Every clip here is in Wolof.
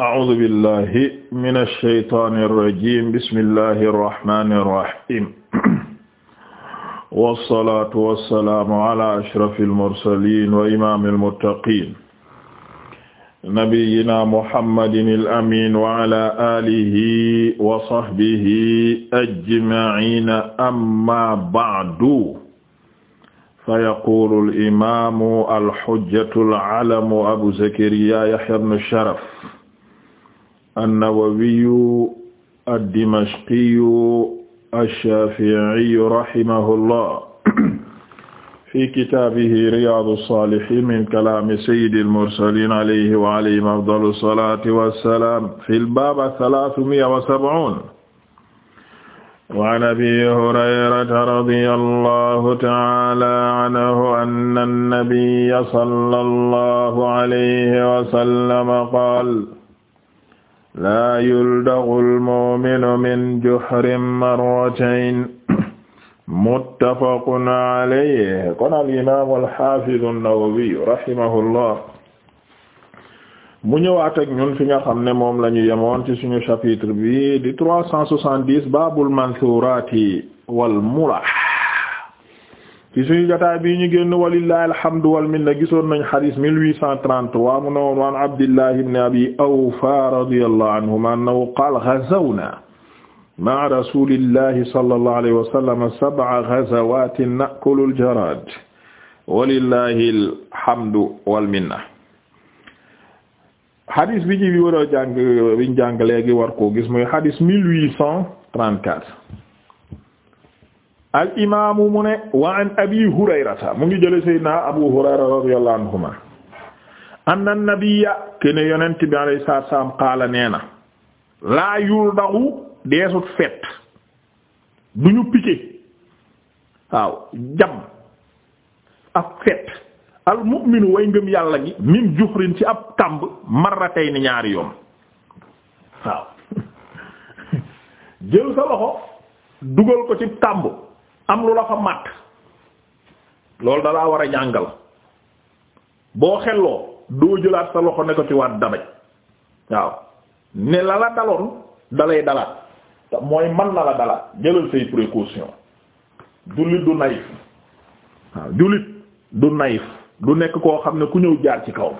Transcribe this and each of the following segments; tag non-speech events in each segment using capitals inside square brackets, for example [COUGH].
أعوذ بالله من الشيطان الرجيم بسم الله الرحمن الرحيم والصلاة والسلام على أشرف المرسلين وإمام المتقين نبينا محمد الأمين وعلى آله وصحبه أجمعين أما بعد فيقول الإمام الحجة العلم أبو زكريا يحيى بن الشرف annawawiyu addimashqiyu alshafiiyu rahimahu llah fi kitaabihi riyaadu saalihiin min kalaami sayyidil mursaliin alayhi wa alayhim afdalu salaati wa salaam fil baab salaasumi'a wa sab'uun wa an abii hurayrata radiyallaahu ta'aalaa anhu anna nnabiyya sallallahu alayhi wa sallam qaala laa yuldagu almu'minu min juhrin marratayn muttafaqun alayhi kon al imaamu alxaafidu an-Nawawi rahimahullah mu ñëwaat ak ñun fi nga xam ne moom la ñu yemoon ci suñu chapitre bi di trois cent soixante-dix baabul manthuurati wal mulah ci suñu jotaay bii ñu génn walillahi alhamdu wal minna gisoon nañ xadis 1833 mu ne woon waan Abdullah ibn Abi Awfa radiyallahu anhuma annahu qaala ghazawna ma'a rasulillahi sallallahu alayhi wa sallam sab'a ghazawatin na'kulu al-jarad walillahi alhamdu wal minna xadis bi ci bi war a jàng biñ jàng léegi war koo gis mooy xadis 1834 al imaamu mu ne wa abi hurayrata mu ngi jële sayyidina abu hurayra radiyallahu anhuma anna nabiyya kene yonent bi alayhi salaatu salaam qaala nee na laa yuldaxu deesut fet du ñu piqué waaw jam ab fet al mu'minu way ngëm yàlla gi min juhrin ci ab tàmb marratayni ñaari yoon waaw [LAUGHS] jël sa loxo dugal ko ci tàmb am lu la fa màtt loolu dalaa war a jàngal boo xelloo doo jëlaat sa loxo ne ko ci waat dabaj waaw ne la la daloon dalay dalaat mooy man na la dalaat jëlal say précaution jullit du naïf waaw jullit du naïf du nekk koo xam ne ku ñëw jaar ci kaw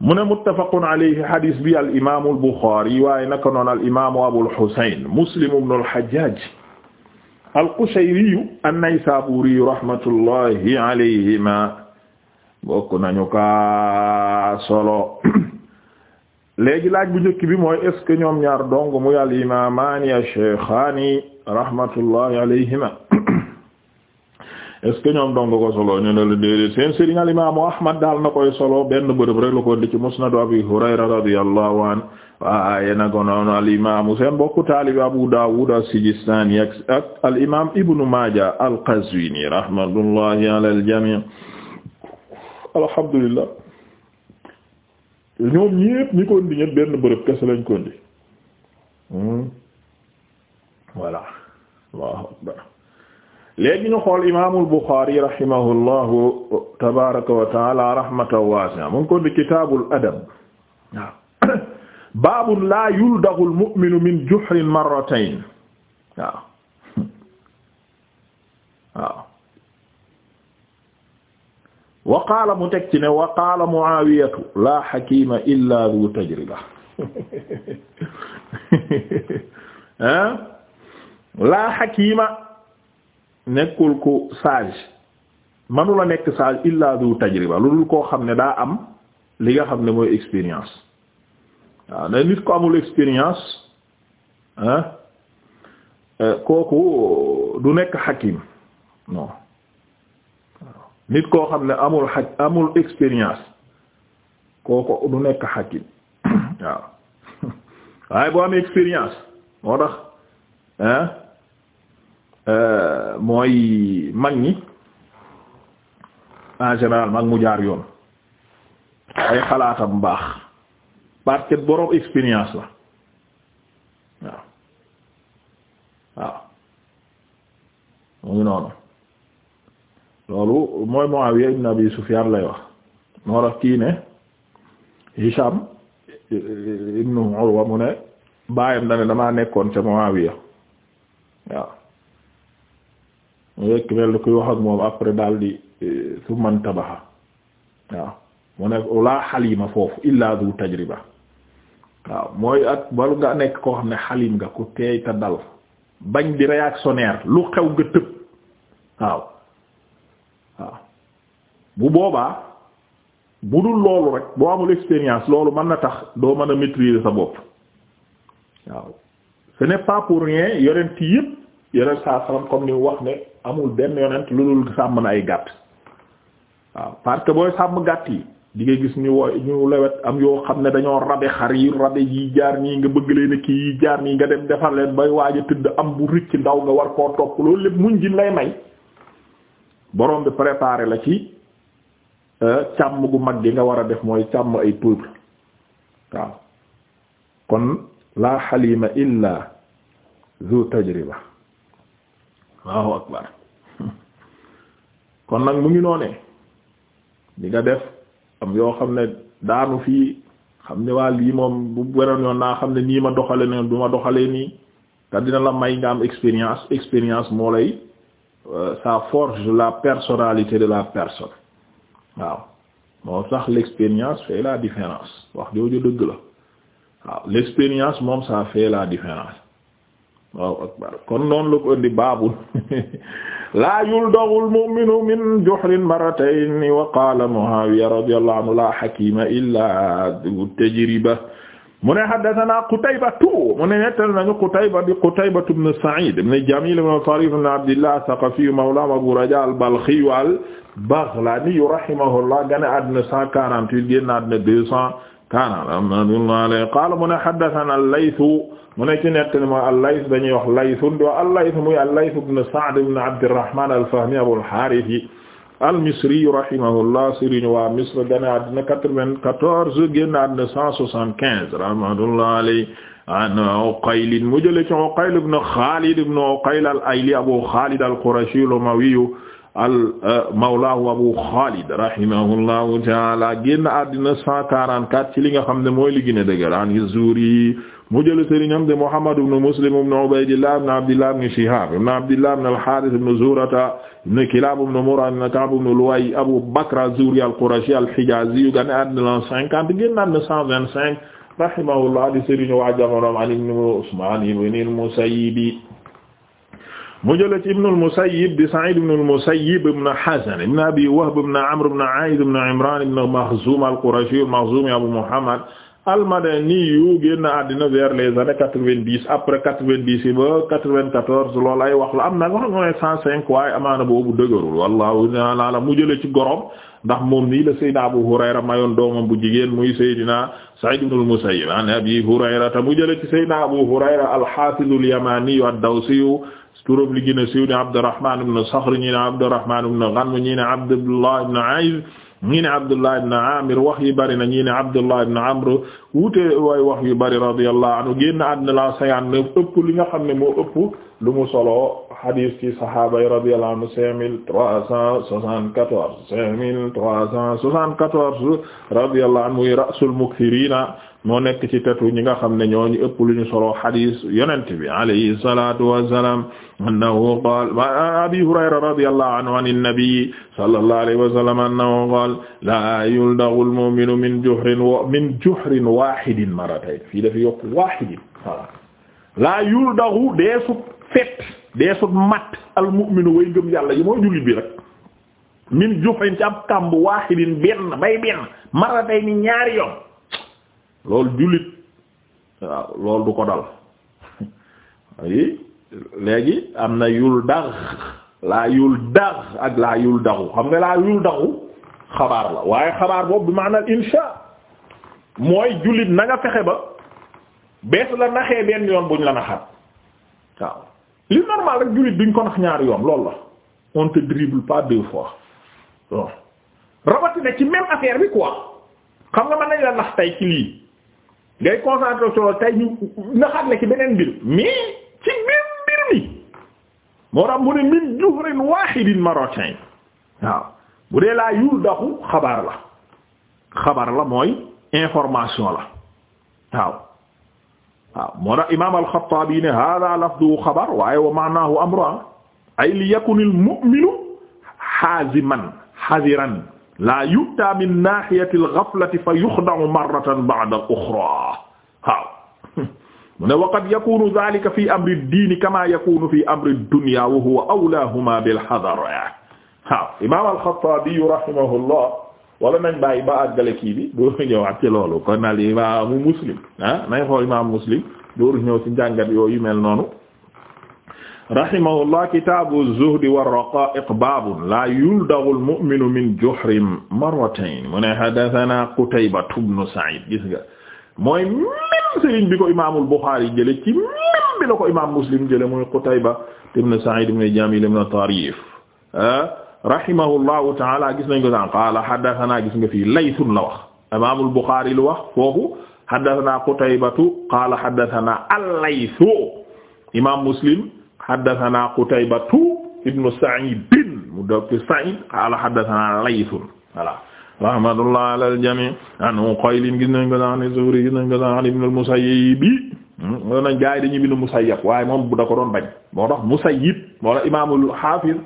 mu ne muttafaqun alayhi hadis bi al imaamu al Buxaari waaye naka noonu al imaamu Abul Husayn Muslim ibn al Hajjaj al-Qushayriyu an-Naysaburiyu rahmatullahi alayhima bokk nañu ka solo léegi laaj bu njëkk bi mooy est ñoom ñaar dong muy al-imaamaani ash-shaykhaani rahmatullahi alayhima est que ñoom dong ko solo ñu ne la déedéet seen sëriñ al imaamu Ahmad daal na koy solo benn bërëb rek la ko ci musnadu Abi Hurayra radiyallahu an waaye na ko al imaamu seen bokku taalibi Abu Dawud as-Sijistani ak al imaam Ibnu Maaja al-Qazwini rahmatullahi al-jamii alhamdulillah ñoom ñépp ñi ko indi ñépp benn bërëb kese lañ ko indi hmm? voilà léegi ñu xool imaamul Buxaari rahimahullahu tabaaraka wa taala rahmatan waasi'a mu ngi ko di kitaabul adab waaw [COUGHS] baabun laa yuldaghul mu'minu min juhrin marratayn waaw [COUGHS] waaw wa qaala mu teg ci ne wa qaala Mu'aawiyatu laa hakiima illaa duu tajriba [LAUGHS] eh? laa hakiima nekkul ku sage manula nekk sage illa du tajriba loolu koo xam ne daa am li nga xam ne mooy expérience waaw ne nit ko amul expérience ah kooku du nekk xakim nit koo xam ne amul xaj amul expérience kooku du nekk xakim waaw [LAUGHS] waaye boo amee expérience moo tax ah Euh, mooy mag ñi en général mag mu jaar yoon ay xalaatam baax parce que borom expérience la waaw waaw mu ngi noonu loolu mooy Muawiya ibn Abi Sufyan lay wax moo tax kii ne Hisham ibn Urwa mu ne baayam na ne damaa nekkoon ca Muawiya waaw yekk mel ni kuy wax ak moom après daal di eh, su man tabaxa waaw mu nekk laa xalima foofu illa du waaw mooy ak bal nga nekk koo xam ne xalim nga ku teey te dal bañ di réactionnaire lu xew nga tëb waaw waaw bu boobaa bu dul loolu rek boo amul expérience loolu mën na tax doo mën a maîtriser sa bopp waaw ce n'est pas yorenti yépp yeneen saa salaam comme ni wax ne amul benn yonent lu dul sàmm na ay gàtt waaw parce que booy sàmm gàtt yi di nga gis ñu wo ñu wet am yoo xam ne dañoo rabe xar yi rabe yi jaar nii nga bëgg leen kii yi jaar nii nga dem defar leen bay waaj a tëdd am bu ricc ndaw nga war koo topp loolu lépp muñ ji lay may boroom bi préparé la ci euh, càmm gu mag gi nga war a def mooy càmm ay peuple waaw kon la xalima illa zu tajriba Allahu akbar kon nag mu ngi noonee di nga def yoo xam ne daanu fii xam ne waa lii moom bu weroon yoon naa xam ne nii ma doxale ne duma ma doxalee nii te dina la may nga am expérience expérience moo lay euh, ça forge la personnalité de la personne waaw moo tax l'expérience fait la différence wax jooju dëgg la waaw l'expérience moom ça fait la différence waaw akbar kon noonu la ko indi baabul [LAUGHS] laa yuldagul mu'minu min juhrin marratayni wa qaala Muawiya radiyallahu anhu la hakima illa du tajriba mu ne haddathana Qutaybatu mu ne nettal nañu Qutayba di Qutaybatu ibn Sa'id ibn Jamil ibn Tarif ibn Abdillah Saqafi mawla Abu Raja al-Balkhi al-Baghlani rahimahullah gane àddina 148 génn àddina 200 kaana rahmatullah alayhi qaala mu ne haddathana al-Laythu mu ne ci nettali moo al-Layth dañuy wax Laythun di wax al-Layth muy al-Layth ibn Sa'd ibn Abdirrahman al-Fahmi Abul Harith al-Misri rahimahullah sëriñu waa Misr gane àddina quatre-vingt-quatorze génn àddina cent soixante-quinze rahmatullah alayhi an Uqayl mu jële ci Uqayl ibn Khalid ibn Uqayl al-Ayli Abu Khalid al-Qurashi al-Umawi al eh, mawlaahu abu xaalid rahimahullahu taala génn àddina 144 ci li nga xam ne mooy li gën a dëgër an Zuhri mu jël sëriñam de Muhammad ibn Muslim ibn Ubaydillah ibn Abdillah ibn Shihab ibn Abdillah ibn al-Harith ibn Zuhrata ibn Kilab ibn Murra ibn Ka'b ibn Luway Abu Bakr az-Zuhri al-Qurashi al-Hijazi yu gane àddina 50 génn àddina 125 rahimahullah di sëriñu waa jamonoom an ibn mu jëlee ci ibn al-Musayyib di Sa'id ibn al-Musayyib ibn Hazn ibn Abi Wahb ibn Amr ibn A'id ibn Imran ibn Makhzum al-Qurashi al-Makhzumi Abu Muhammad al-Madani yu génn àddina vers les années quatre-vingt-dix après quatre-vingt-dix yi ba quatre-vingt-quatorze loolu ay wax la am na wax nga ne cent cinq waaye amaana boobu dëgërul wallahu ta'ala mu jëlee ci gorom ndax moom nii la Seydina Abu Hurayra mayoon doomam bu jigéen muy Seydina Sa'id ibn al-Musayyib an Abi Hurayra ta mu jëlee ci Seydina Abu Hurayra al-Hafiz al-Yamani ad-Dawsi turam li gën a siiw ni Abdurrahman ibn Sakhr ñi ne Abdurrahman ibn Ghanm ñi ne Abdullah ibn Aiz ñii ne Abdullah ibn Amir wax yi bari na ñii ne Abdullah ibn Amr wuute way wax yu bari radiyallahu anhu génn àddina la cinquante-neuf ëpp li nga xam ne moo ëpp lu mu solo xadiis ci saxaaba yi radiyallahu anhu cinq mille trois cent soixante-quatorze cinq mille trois cent soixante-quatorze radiyallahu anhu ra'sul mukthirina moo nekk ci tetu ñi nga xam ne ñoo ñu ëpp lu ñu solo xadiis yonent bi alayhi salatu wassalam annahu qaala abi Hurayra radiyallahu anhu an an-nabi sallallahu alayhi wa sallam annahu qaala xoolal laa yuldaghul mu'minu min juhrin wa min juhrin wahidin marratayn fii dafa yokk wahidin voilà laa yuldaghu deesut fet deesut mat al mu'minu way ngëm yàlla yi mooy jullit bi rek min juhrin ci ab kàmb wahidin benn bay benn marratayn ni ñaari yoon loolu jullit waaw loolu du ko dal [LAUGHS] léegi am na yul dagh laa yul dagh ak laa yul daghu xam nga laa yul daghu xabaar la waaye xabaar boobu bi maanaam insha mooy jullit na nga fexe ba bees la naxee benn yoon buñ la naxaat waaw li normal rek jullit duñ ko nax ñaari yoon loolu la on te dribble pas deux fois bon rawatina ci même affaire bi quoi xam nga mën nañ la nax tey ci lii ngay concentré sur tey ñu naxaat la ci beneen mbir mais ci même mbir mi moo taam mu ne min juhrin wahidin marratayn waaw bu dee laa yul daxu xabaar la xabaar la mooy information la waaw waaw moo tax imaam al-Xattaabi ne hada lafdu xabar waaye wa maanaahu amru ay li yakun al-mu'minu xaaziman xadiran laa yu'taa min naahiyati al-ghaflati fa yuxda'u marratan ba'da al-uxraa waaw mu ne wa qad yakunu zaalika fi amri ad-diini kamaa yakunu fi amri ad-dunyaa wa huwa awlaahumaa bil-hadar waaw imaam al-Xattaabi rahimahullah wala nañ bàyyi ba àggale bi dooru ñëwaat kon al imaamu Muslim ah nañ xool imaamu Muslim dooru ñëw ci njàngat yooyu mel noonu rahimahullah kitaabu zuhdi wa raqaa'iq baabun laa yuldagu al-mu'minu min juhrin marratayn mu ne haddathanaa Qutaybatu bnu Sa'iid gis nga mooy même sëriñ bi ko imaamul Buxaari jële ci même bi la ibn Sa'iid ibn Jamiil ibn Tariif ah rahimahullahu taala gis nañ ko saan qaala haddathana gis nga fii laytun la wax imaamul Buxaari lu wax foofu haddathana Qutaybatu qaala haddathana al-Laythu imaam Muslim haddathana Qutaybatu ibnu Sa'id mu dëkk Sa'id qaala haddathana Laythun voilà rahmatullah ala al-jami' an Uqayl gis nañ ko saan Zuhri gis nañ ko saan ibnu al-Musayyib loolu nag gars yi dañuy bind Musayyab waaye moom bu da ko doon bañ moo tax Musayyib moo tax imaamul Haafiz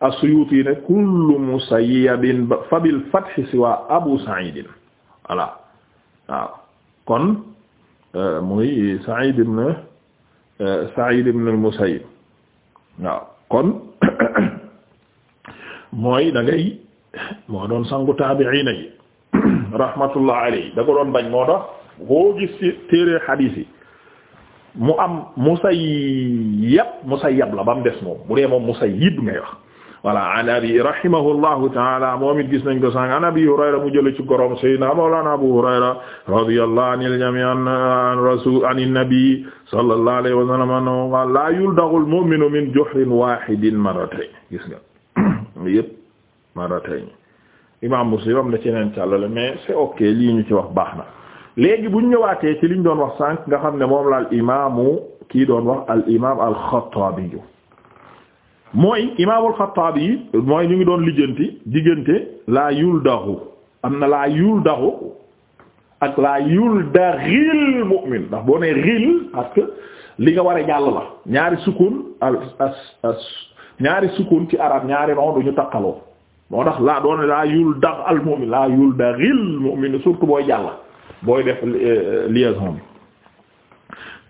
as-Suyuti ne kullu musayyabin fa bil fathi siwa Abu Sa'id voilà waaw kon euh, muy Sa'id ibn euh, Sa'id ibn al waaw kon [COUGHS] mooy da moo doon sangu taabi'ina yi [COUGHS] rahmatullah alayhi da ko doon bañ moo tax boo gis ci téere xadiis yi mu am musayyab musayyab la ba mu des moom bu dee moom musayyib ngay wax voilà an abi rahimahullahu taala moom it gis nañ ko sànq an abi hurayra mu jële ci gorom sayyidina mawlana abu hurayra radiyallahu anil jami' an rasul anin nabi sallallahu alayhi wa sallam annahu qala la yuldaghul mu'minu min juhrin wahidin marratayn gis nga [COUGHS] yëpp marratayn imam muslim am na ci neen càllale mais c'est ok lii ñu ci wax baax na léegi buñ ñëwaatee ci liñ doon wax sànq nga xam ne moom la al imamu kii doon wax al imam al xattabi mooy imaamul Xattaabi yi mooy ñu ngi doon lijjanti diggante laa yul daxu am na laa yul daxu ak laa yul daxil mu'min ndax boo nee xil parce li nga war a jàll la ñaari sukun al as ñaari sukun ci arab ñaari ron duñu takkaloo moo tax laa doon laa yul dax al mu'min laa yul daxil mu'min surtout booy jàll booy def euh, euh, liaison bi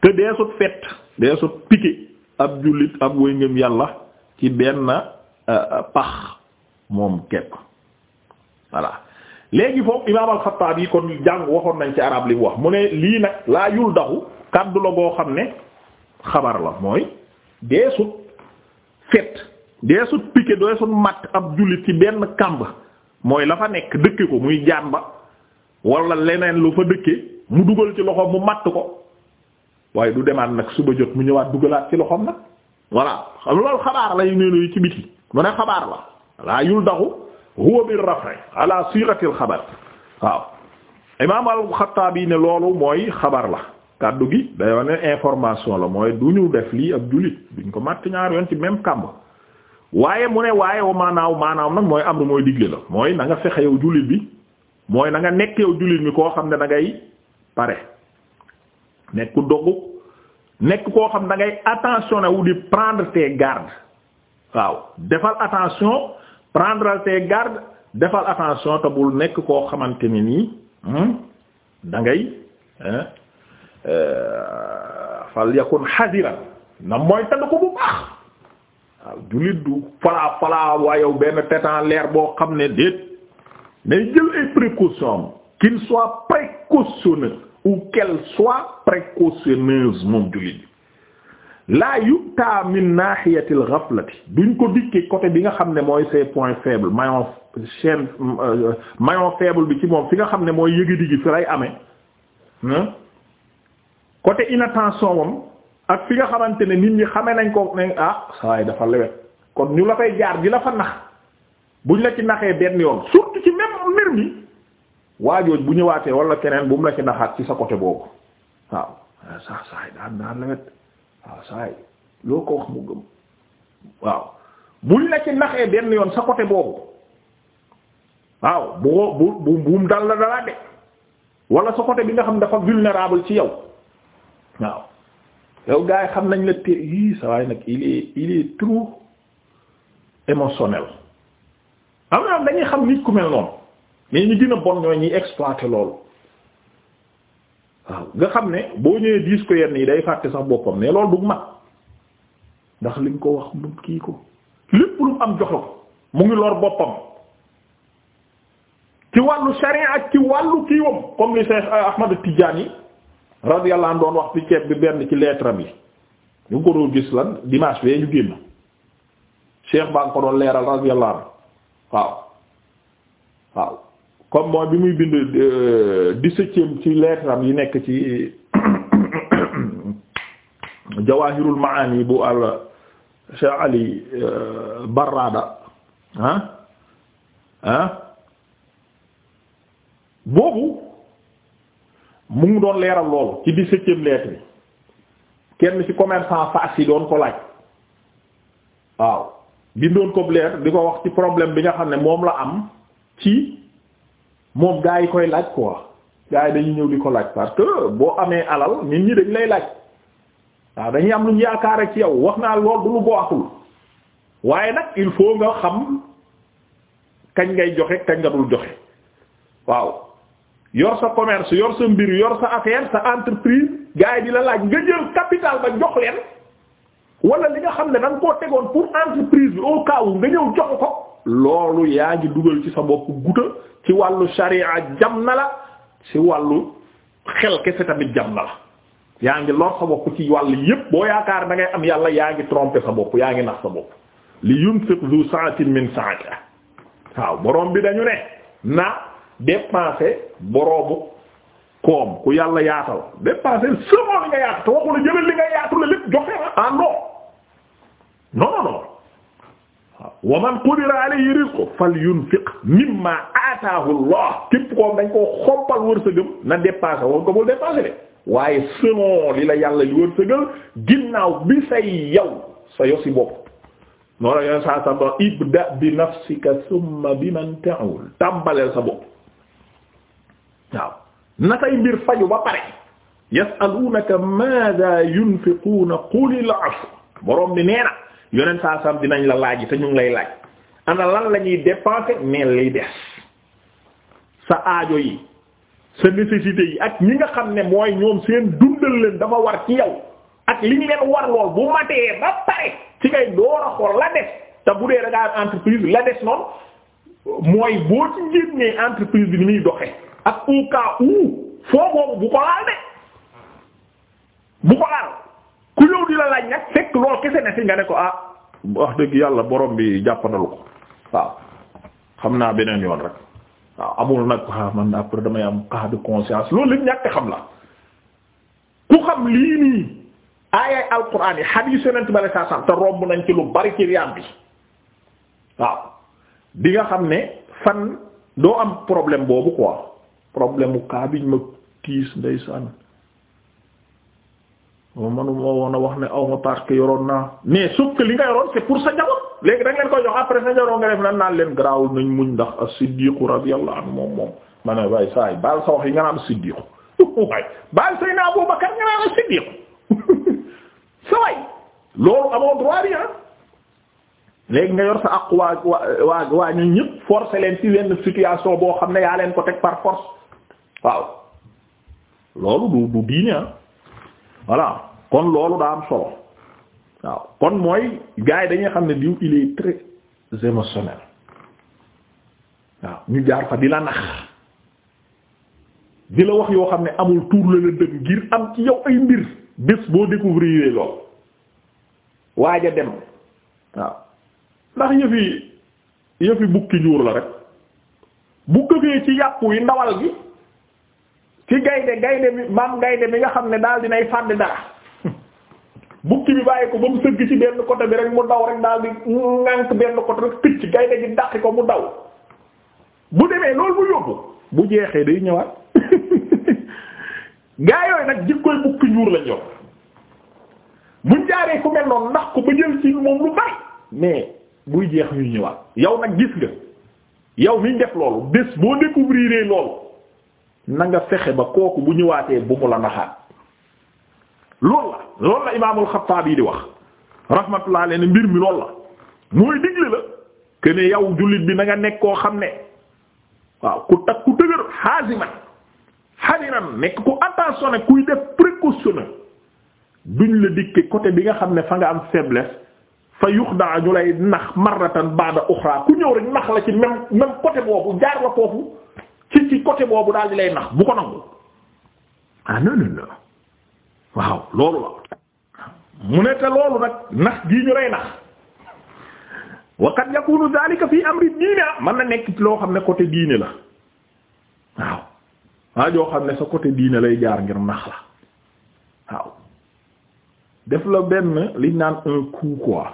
te dee sut fet dee sut piqué ab jullit ab way yàlla ci benn euh, euh, pax moom képp voilà léegi foofu imaam al-Xattaabi kon jàng waxoon nañ ci arab li wax mu ne lii nag laa yul daxu kàddu la goo xam ne xabar la mooy deesut fet deesut piqué deesut matt ab jullit ci benn kàmb mooy la fa nekk dëkke ko muy jaan ba wala leneen lu fa dëkke mu dugal ci loxoom mu matt ko waaye du demaat nag suba jot mu ñëwaat dugalaat ci loxoom nag voilà xam loolu xabaar lay neenu ci biti mu ne xabaar la laa yul daxu huwa bir raf'i ala siratil xabar waaw imam al-Xattaabi ne loolu mooy xabar la kàddu gi day wane information la mooy du ñu def lii ab jullit duñ ko màtt ñaar yoon ci même kàmb waaye mu ne waaye maanaaw maanaaw nag mooy am amru mooy digle la mooy nanga fexe yow jullit bi mooy nanga nekk yow jullit mi koo xam ne da ngay pare nekk dogu nekk koo xam da ngay attention ne wu di prendre tes gardes waaw defal attention prendre tes gardes defal attention te nekk koo xamante ni nii hmm, da ngay euh, fal yakun hadiran na mooy tëdd ko bu baax waaw jullit du falaa falaa waayow benn tetan leer boo xam ne déet mais jël ay précaution am qu'il soit précautionneux ou qu'elle soit précautionneuse moom jullit bi laa yukta min nahiyatil ghaflati duñ ko dikkee côté bi nga xam ne mooy ses points faibles maillon chaîne euh, maillon faible bi ci moom fi nga xam ne mooy yëgadi gi fi lay amee côté inattention moom ak fi nga xamante ne nit ñi xame nañ ko ne ah saa dafa lewet kon ñu la fay jaar di la fa nax buñ la ci naxee benn yoon surtout ci même mbir mi waa waajooj bu ñëwaatee wala keneen bu mu la ci naxaat ci sa côté boobu waaw ah, saa saay daan daan lewet waaw ah, saay loo ko wax mu gëm waaw yoon sa côté boobu waaw bu bu bu bu mu dal la dalaa de wala sa côté bi nga xam dafa vulnérable ci yow waaw yow gars yi xam nañ la te yii sa waay nag il est il est trop émotionnel am na dañuy xam nit ku mel noonu mais ñu gën a bon ñooy ñuy exploiter loolu waaw nga xam ne boo ñëwee diis ko yenn yi day fàtte sax boppam ne loolu du mat ndax li nga ko wax mu kii ko lépp lu mu am jox ko mu ngi lor boppam ci wàllu sharia ak ci wàllu kiiwam comme li Cheikh Ahmad Tidiane radiyallahu anhu doon wax ci ceeb bi benn ci lettre bi ñu ngi ko doon gis lan dimanche bee ñu génn Cheikh baa ngi ko doon leeral radiyallahu waaw comme mooy bi muy bind euh, dix-septième ci leetaram yi nekk ci [COUGHS] jawahirul maani bu al Cheikh Ali euh, Barrada ah ah boobu mu ngi doon leeral loolu ci dix-septième lettre bi kenn ci commerçant Fass yi doon ko laaj waaw bindoon ko leer di ko wax ci problème bi nga xam ne moom la am ci moom gaa yi koy laaj quoi gaa yi dañuy ñëw di ko laaj parce que boo amee alal nit ñi dañ lay laaj waaw dañuy am lu yaakaar ak ci yow wax naa lool du lu baaxul waaye nag il faut nga xam kañ ngay joxe kañ nga dul joxe waaw yor sa commerce yor sa mbir yor sa affaire sa entreprise gaa yi di la laaj nga jël capital ba jox leen wala li nga xam ne da koo tegoon pour entreprise bi au cas nga ñëw jox ko. loolu yaa ngi dugal ci sa bopp guta ci wàllu sharia jam na la ci wàllu xel kese tamit jam na la yaa ngi lor sa bopp ci wàll yépp boo yaakaar da am yàlla yaa ngi tromper sa bopp yaa ngi nax sa bopp li yunfiq zu sa'atin min sa'ati waaw borom bi dañu ne na dépenser boroomu koom ku yàlla yaatal dépenser seulement li nga yaatu te waxu jëlal li nga yaatu la lépp joxe ah non non non wa man qudira alayhi rizquhu falyunfiq mimma ataahu Allah képp ko dañ koo xompal wërsëgam na dépensé woon ko bul dépensé de waaye selon li la yàlla li wërsëgal ginnaaw bi say yow sa yosi bopp noo la yoon saa sa ibda bi nafsika thumma bi man ta'ul tàmbaleel sa bopp waaw na say mbir faju ba pare yas'alunaka madha yunfiquna qulil 'afw borom bi nee na yonent saa sam dinañ la laaj te ñu ngi lay laaj ana lan la ñuy dépenser mais lay des sa aajo yi sa nécessité yi ak ñi nga xam ne mooy ñoom seen dundal leen dafa war ci yow ak li ñu leen war lool bu matee ba pare ci ngay door a xool la des te bu dee da ngaa entreprise la des noonu mooy boo ci njëg entreprise bi ni muy doxe ak u cas où foo boobu bu ko laal de bu ko laal. ku ñëw di la laaj nag fekk lool kese ne fi nga ne ko ah wax dëgg yàlla borom bi jàppandalu ko waaw xam naa beneen yoon rek waaw amul nag ah man après damay am cas de conscience loolu lépp ñàkk xam la ku xam lii nii aayay alquran yi hadith yonent bale saa sam te romb nañ ci lu bari ci riyaam bi waaw di nga xam ne fan doo am problème boobu quoi problème mu kaa biñ ma tiis ndeysaan manu moo woon a wax ne aw ma parce que yoroon naa mais sauf que li nga yoroon c'est pour sa njaboot léegi da leen koy jox après sa njaboot nga def nan leen garaawul nañ muñ ndax as-Siddiq radiyallahu anhu moom moom ma ne waaye saa yi baal sa wax yi nga naan as-Siddiq [LAUGHS] waaye baal Seydina Abu Bakar nga naan as sa way loolu amoo droit bi ah nga yor sa àq waa waa waa ñun ñëpp forcer leen ci wenn situation boo xam ne yaa leen ko teg par force waaw loolu du du diine ah kon loolu daa am solo waaw kon mooy gars yi dañuy xam ne diw il est très émotionnel waaw ñu jaar fa di la nax di la wax yoo xam ne amul tuur la la dëgg ngir am ci yow ay mbir bés boo découvrir yooyu lool waaj dem waaw ndax yëfi yëfi bukki ñuur la rek bu këfee ci yàpp wi ndawal gi ci gaynde gaynde bi maam gaynde bi nga xam ne daal dinay fàdd dara bukki bi bàyyi ko ba mu sëgg ci benn côté bi rek mu daw rek daal di ŋànk benn côté rek këcc gaynde gi dàqi ko mu daw bu demee loolu mu yóbbu bu jeexee day ñëwaat [LAUGHS] gaa yooyu nag jikkoy bukki ñuur lañ yor buñ jaaree ku mel noonu ndax ko ba jël ci moom lu bari mais buy jeex ñuy ñëwaat yow nag gis nga yow miñ def loolu bés boo découvrir loolu na nga fexe ba kooku bu ñëwaatee bu mu la naxaat loolu la loolu la imaamul Xattaabi di wax rahmatullah alayhi mbir mi loolu la mooy digle la que yow jullit bi na nekk koo xam ne waaw ku takk ku dëgër xaasiman xadiran nekk ku attentionné kuy def précautionné duñ la dikke côté bi nga xam ne fa nga am faiblesse fa yuxdaa ñu lay nax marratan baada uxra ku ñëw rek nax la ci même même côté boobu jaar la foofu ci ci côté boobu daal di lay nax bu ko nangu ah non non waaw loolu la mu ne te loolu nag nax gii ñu rey nax wa qad yakunu dhalika fi amri diine ah mën na nekk ci loo xam ne côté diine la waaw waa joo xam ne sa côté diine lay jaar ngir nax la waaw def la benn liñ naan un coup quoi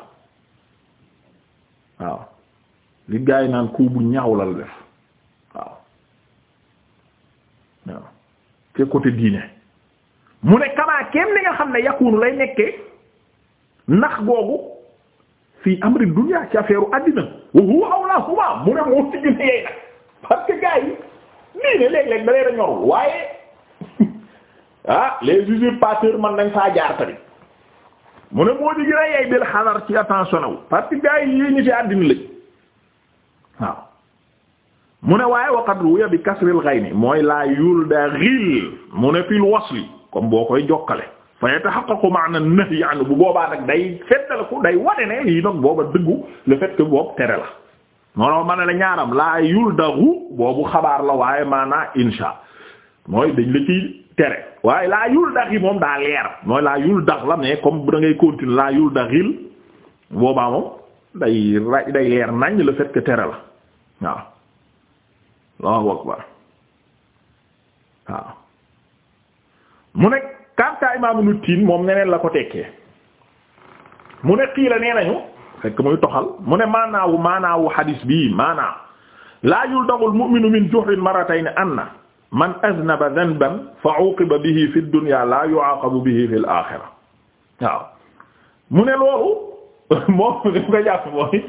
waaw li gaa yi naan coup bu ñaaw la la def waaw waaw ci côté diine mu ne kamaa kenn ni nga xam ne yakunu lay nekkee nax googu fii amri dunya ci affaire àddina wa huwa awlahuma mu ne a yey nag parce yi man nañ faa mu ne moo ci gën a yey [LAUGHS] ah bil xadar ci attention wu parce que gars yi yii ñu ci àddina lañ waaw mu ne waaye waqad ruya bi kasril ghayni mooy laa yul da ghil mu ne fil wasli comme boo koy jokkale fa yatahaqqaqu ma'na an-nahy anhu bu boobaa nag day feddaliku day wane ne lii nag booba dëggu le fait que boobu tere la mooloo ma ñaaram laa yuldagu boobu xabaar la waaye maanaa insha mooy dañ waaye laa yuldag yi moom la mais comme da ngay continuer laa yuldagil boobaa moom day ra day leer nañ le fait que tere la waaw Allahu akbar waaw mu ne kanta imaamu nuttiin moom neneen la ko tekkee mu ne xiila nee nañu fekk muy toxal mu ne maanaawu maanaawu xadiis bii maanaa laa yuldagul mu'minu min juhrin maratayn anna man aznaba dhanban fa uqiba bihi fi dunya laa yu'aqabu bihi fi al-axira loolu [LAUGHS] moom li ko jàpp mooy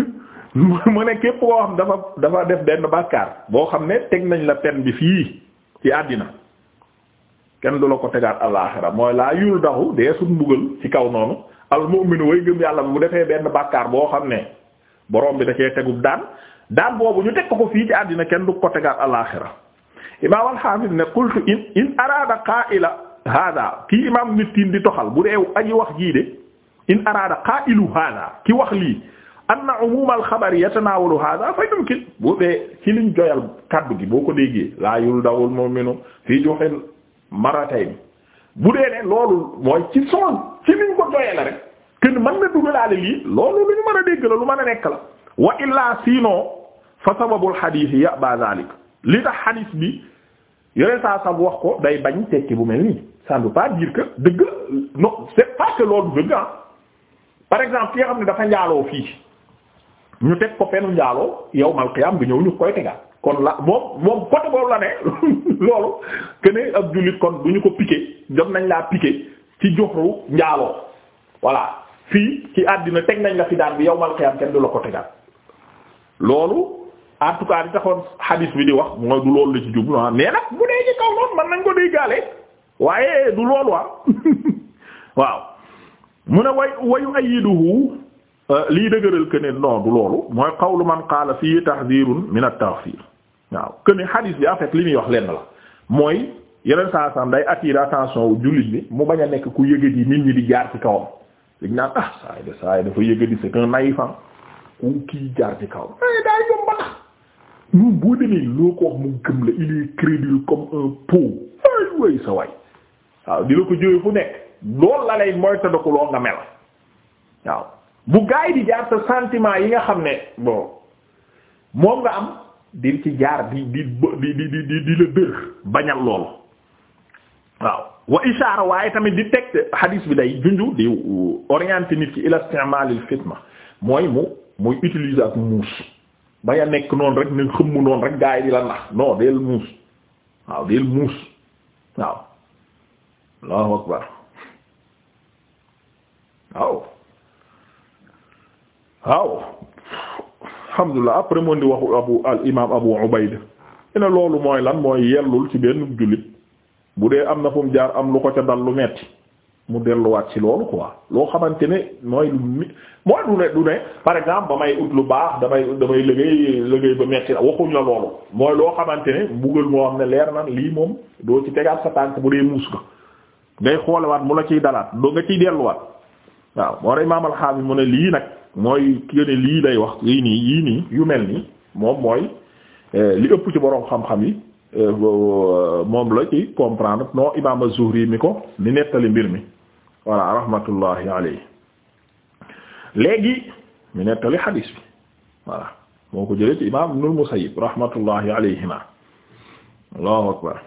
[LAUGHS] [LAUGHS] mu ne képp koo xam dafa dafa def benn bàkkaar boo xam ne teg nañ la pen bi fii ci àddina kenn du la ko tegaat alaaxira mooy laa yul daxu dee sut mbugal ci kaw noonu al mu'minu way gëm yàlla bu defee benn bàkkaar boo xam ne borom bi da cee tegub daan daan boobu ñu teg ko fii ci àddina kenn du ko tegaat alaaxira imaam al-Hafiz ne qultu in in araada qaa'ila hada kii imaam nit tiin di toxal bu dee aji wax jii de in araada qaa'ilu hada ki wax lii anna umum alxabar yatanaawalu hada fa yumkin bu dee ci liñ joyal kaddu gi boo ko déggee laa yul dawul mu'minu fii joxin maratayn bu dee ne loolu mooy ci soon ci liñ ko joyal rek kenn mën na dugalaale lii loolu lu ñu mën a dégg la lu man a nekk la wa illaa sinon fa sababul xadiis ya'ba zalik li tax xadiis bi yore saa sab wax ko day bañ tekki bu mel nii ça ne veut dëgg non c'est pas loolu dëgg ah par exemple ki nga xam ne dafa njaaloo fii ñu teg ko fenu njaaloo yow mal xiyaam bi ñëw ñu koy tegaat kon la moom moom côté boobu la ne [LAUGHS] loolu que ne ab jullit kon du ñu ko piqué jot nañ laa piqué ci joxru njaaloo voilà fii ci àddina teg nañ la fi daan bi yow mal xiyaam kenn du la ko tegaat loolu en tout cas di taxoon hadis bi di wax mooy du loolu la ci jublu ah mais nag bu dee ci kaw noonu man nañ ko déggaale waaye du lool ah [LAUGHS] waaw mu ne way wayu ayiduhu Euh, lii dëgëral que ne non du loolu mooy qawlu man qaala fii tahdirun min at-taghfir waaw que ne bi en fait li muy wax lenn la mooy yeneen saa sàn day attirer attention jullit bi mu bañ a nekk ku yëgët yi nit ñi di jaar ci kawam dañ naan ah saa yi de saa yi dafa yëgët yi c'est un naïf ah. ku kii jaar ci kawam. Eh, daay yomb ba tax ñun boo demee loo ko wax mu gëm la il est crédule comme un pot ay way sa way waaw di ko jógee fu nekk loolu la bu gaa yi di jaar sa sentiment yi nga xam ne bon moom nga am di ci jaar di di di di di di la dër bañal loolu waaw wa ishaara waaye tamit di teg hadis bi day junju di orienté nit ki ila istimalil fitna mooy mu muy utiliser ak muus bañ a nekk noonu rek ne xëmm noonu rek gaa di la nax non deel muus waaw deel muus waaw allahu akbar waaw waaw alhamdulilah après moo di waxu abu al imaam abu ubayda ina loolu mooy lan mooy yellul ci benn jullit bu dee am na fu jaar am lu ko ca dal lu metti mu delluwaat ci loolu quoi loo xamante ne mooy lu mi mooy du par exemple ba may lu baax damay damay liggéey liggéey ba metti la waxuñ la loolu mooy loo xamante ne mbugal moo xam ne leer na lii moom doo ci tegaat sa tànk bu dee muus nga ngay xoolewaat mu la ciy dalaat doo nga ciy delluwaat waaw moo ra imaam alxaami mu ne lii nag mooy ki ne lii lay wax yii nii yii nii yu mel nii moom mooy euh, li ëpp ci boroom xam-xam yi euh, moom la ci comprendre non imaam az mi ko ni nettali mbir mi voilà rahmatullahi alayhi léegi mu nettali xadiis bi voilà moo ko jëlee ci imaam Ibnul Musayyib rahmatullahi alayhima allahu akbar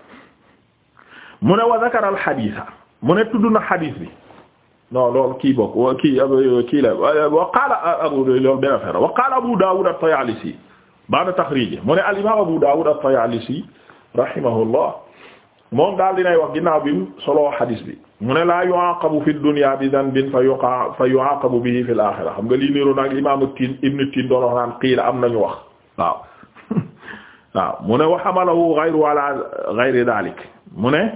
mu ne wa zakara al-xadiisa mu ne tudd na xadiis bi non loolu kii bokk kii kii la wa qaala abu loolu benn affaire wa qaala abu daawud at-tayaalisi ba'da taxriij mu ne al imaam abu daawud at-tayaalisi rahimahullah moom daal dinay wax ginnaaw bi mu soloo xadiis bi mu ne laa yu'aaqabu fi dunya bi dhanbin fa yuqa fa yu'aaqabu bihi fi al-aaxira xam nga lii niiru nag imaam tin ibn tin doon wax naan qiila am nañu wax waaw [LAUGHS] waaw mu ne wa hamalahu ghayru ala ghayri daalik mu ne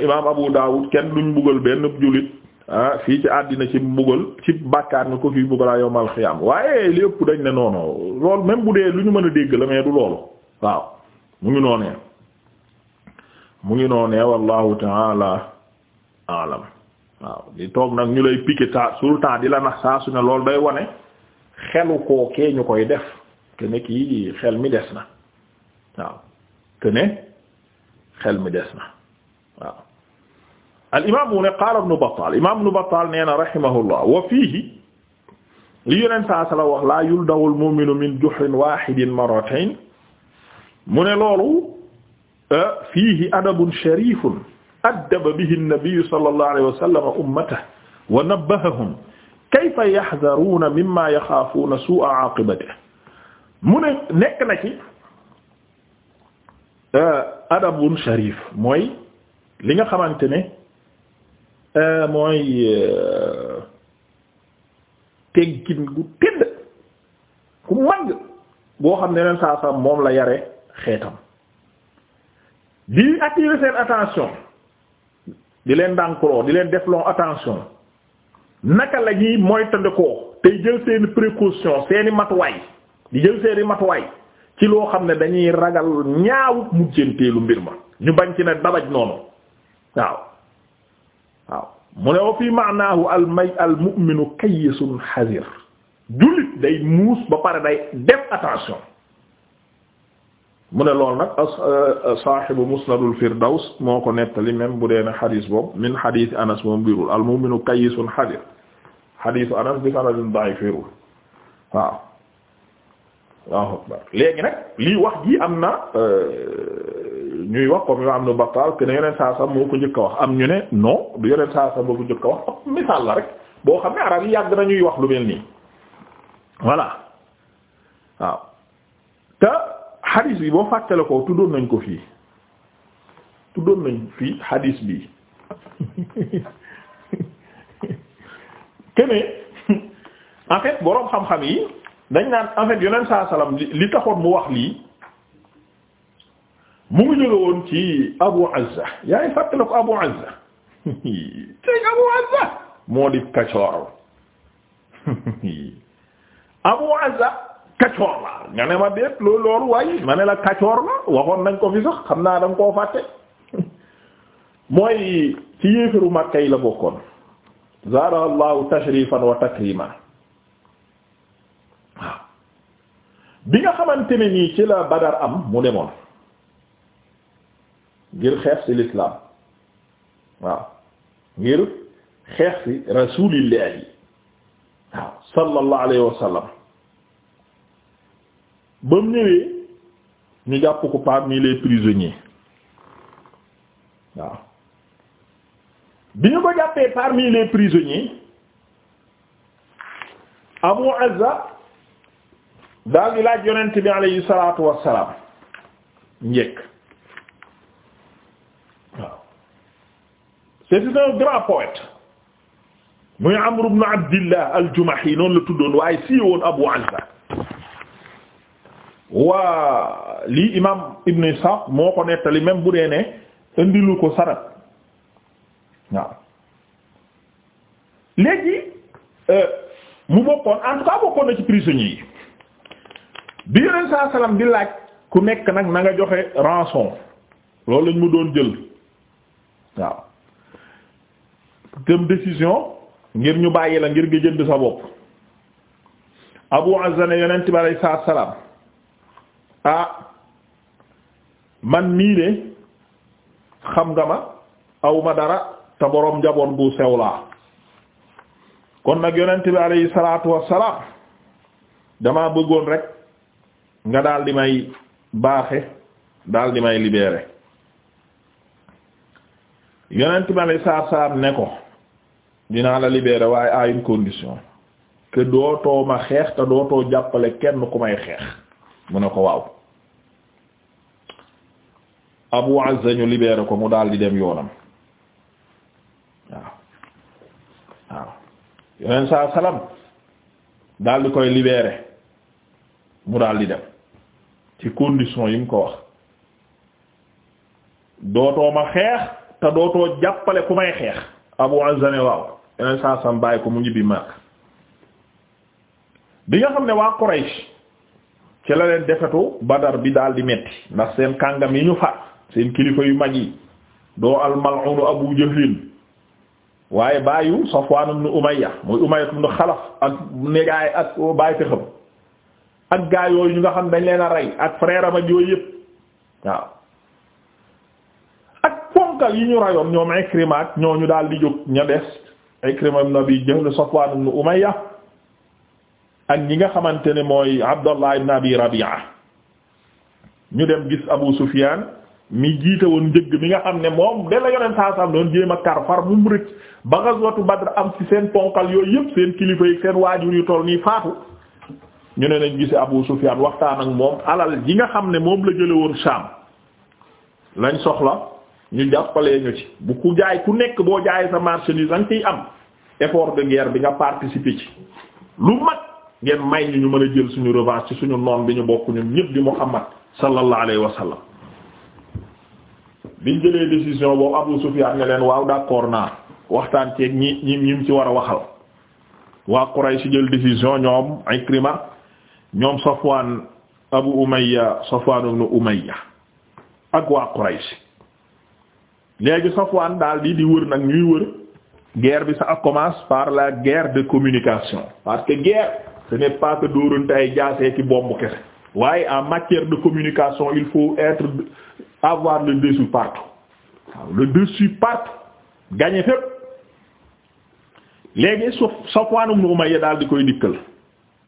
imaam abu daawud kenn duñ buggal benn jullit ah fii ci àddina ci mbugal ci bàkkaar nga ko fii mbugalaa yowmal xiyaam waaye lépp dañ ne noonu loolu même bu dee lu ñu mën a dégg la mais du loolu waaw mu ngi noonee mu ngi noonee wallahu taala alam waaw di toog nag ñu lay piqué ta sur temps di la nax saa su ne loolu day wane xelu koo kee ñu koy def ke kii xel mi des na waaw ke xel mi des na waaw al imaam mu ne qaala ibnu Battaal imaam ibnu Battaal nee na rahimahullah wa fiihi li yonent saa sala wax laa yuldawul mu'minu min juhrin waahidin marratayn mu ne loolu eh, fiihi adabun shariifun addaba bihi nabiyyu sallallahu alayhi wa sallam ummatahu wa nabbahahum kayfa yahzaruuna mimmaa yaxaafuuna suu'a aaqibatihi mu ne nekk na ci eh, adabun sharif mooy li nga xamante ne. Euh, mooy euh, teggin gu tedd ku mag boo xam ne leen saa saa moom la yare xeetam di attirer seen attention di leen dànkuloo di leen defloo attention naka la ñuy moytandikoo tey jël seeni précaution seeni matuwaay di jël seeni matuwaay ci loo xam ne dañuy ragal ñaawu mujjanteelu mbir ma ñu bañ ci ne dabaj noonu waaw waaw mu ne wa fii maanaahu al hazir jullit day muus ba pare day def attention mu ne loolu nag euh, saahibu musnadul firdaws moo ko nettali même bu dee ne xadis boobu min xadis anas moom biirul al mu'minu kayyisun hazir xadisu anas bi sanadin da'if firul waaw waaw léegi nag lii wax ji am na euh, ñuy wax ko imam Ibn Battal que ne yeneen saa sam moo ko njëkk a wax am ñu ne non du yeneen saa sam moo ko a wax ak misaal la rek boo xam ne arab yi yàgg na ñuy wax lu mel nii voilà waaw te hadis bi boo fàttale ko tuddoon nañ ko fii tuddoon nañ fii hadis bi kene en boroom xam-xam yi dañ naan en fait yeneen saa salam li taxoon mu wax lii mu ngi jóge woon ci Abu Azza yaay fàttale ko Abu Azza tey Abu Azza moo di kacoor Abu Azza kacoor la nga ne ma déet loolu loolu waaye ma ne la kacoor la waxoon nañ ko fi sax xam naa danga koo fàtte mooy ci yéefaru Makka yi la bokkoon zaadaha Allahu tashrifan wa takriman bi nga xamante ne nii ci la Badar am mu demoon ngir xeex ci l'islam waaw ngir xeex ci rasulillahi waaw sallallahu alayhi wa sallam ba ñu jàpp ko parmi les prisonniers waaw bi ñu ko jàppee parmi les prisonniers Abu Azza daal laaj yonent bi alayhi salaatu wassalaam njëkk c'est un grand poète muy Amr ibn Abdillah al-Jumahi noonu la tuddoon waaye sii woon Abu Azza waa lii imam Ibn Ishaq moo ko nettali même bu dee ne indilu ko sanad waaw léegi euh, mu bokkoon en tout bokkoon na ci prisonniers yi bi yoneen saa salaam di laaj ku nekk nag nanga joxe rançon loolu mu doon jël waaw dem décision ngir ñu bàyyi la ngir nga jënd sa bopp Abu Azza yonent bi alayhi salaatu ah man nii de xam nga ma aw ma dara te boroom njaboot bu sew laa kon nag yonent bi alayhi salaatu dama damaa bëggoon rek nga daal di may baaxe daal di may libérer yonent bi alayhi salaatu ne ko dinaa la libeere waaye à une condition que dootoo ma xeex te dootoo jàppale kenn ku may xeex mu ne ko waaw Abu Azza ñu ko mu dal di dem yoonam waaw waaw saa salam daal di koy libeere mu daal di dem ci condition yi mu ko wax dootoo ma xeex te dootoo jàppale ku may xeex Abu Azza waaw yeneen saa bàyyi ko mu ñibbi Makka bi nga xam ne waa Quraysh ci la leen defetu Badar bi daal di metti ndax seen kàngam yi ñu faat seen kilifa yu mag yi doo al-mal'un Abu Jahlin waaye baayu Safwan ibn Umayya muy Umayya ibn Xalaf ak négaay ak bàyyi fexam ak gaa yooyu ñu nga xam dañ leen a rey ak frère am yooyu yëpp waaw ak ponkal yi ñu rayoon ñoom Ikrima ak ñooñu daal di jóg ña des Ikrima ibn Abi Jahl Safwan ibn Umayya ak ñi nga xamante ne mooy Abdallah ibn Abi Rabi'a ñu dem gis Abu Sufyan mi jiite woon njëgg mi nga xam ne moom de la yoneen saasam doon jéem a kar far mu mu rëcc ba gazwatu Badr am ci seen ponkal yooyu yëpp seen kilifa yi seen waajur yu toll nii faatu ñu ne nañ gise Abu Sufyan waxtaan ak moom alal ji nga xam ne moom la jële woon saam lañ soxla ñu jàppalee ñu ci bu ku jaay ku nekk boo jaayee sa marchandise anga ciy am effort de guerre bi nga participer ci lu mat ngeen may ñu ñu mën a jël suñu revanche ci suñu noon bi ñu bokk ñun ñëpp di Muhammad sallallahu alayhi wa sallam biñ jëlee décision boobu Abu am ne leen waaw d'accord naa waxtaan ceeg ñi ñi ñi ci war a waxal waa ci jël décision ñoom Ikrima ñoom Safwan Abu Umayya Safwan ibn ak waa Quraysh léegi Safwan daal di di wër nag ñuy wër guerre bi ça commence par la guerre de communication parce que guerre ce n'est pas que dóorante ay jaasee ki bomb kese waaye en matière de communication il faut être avoir le dessus partout waaw le dessus partout gagner fépp léegi Safwan ibn Umayya daal di koy dikkal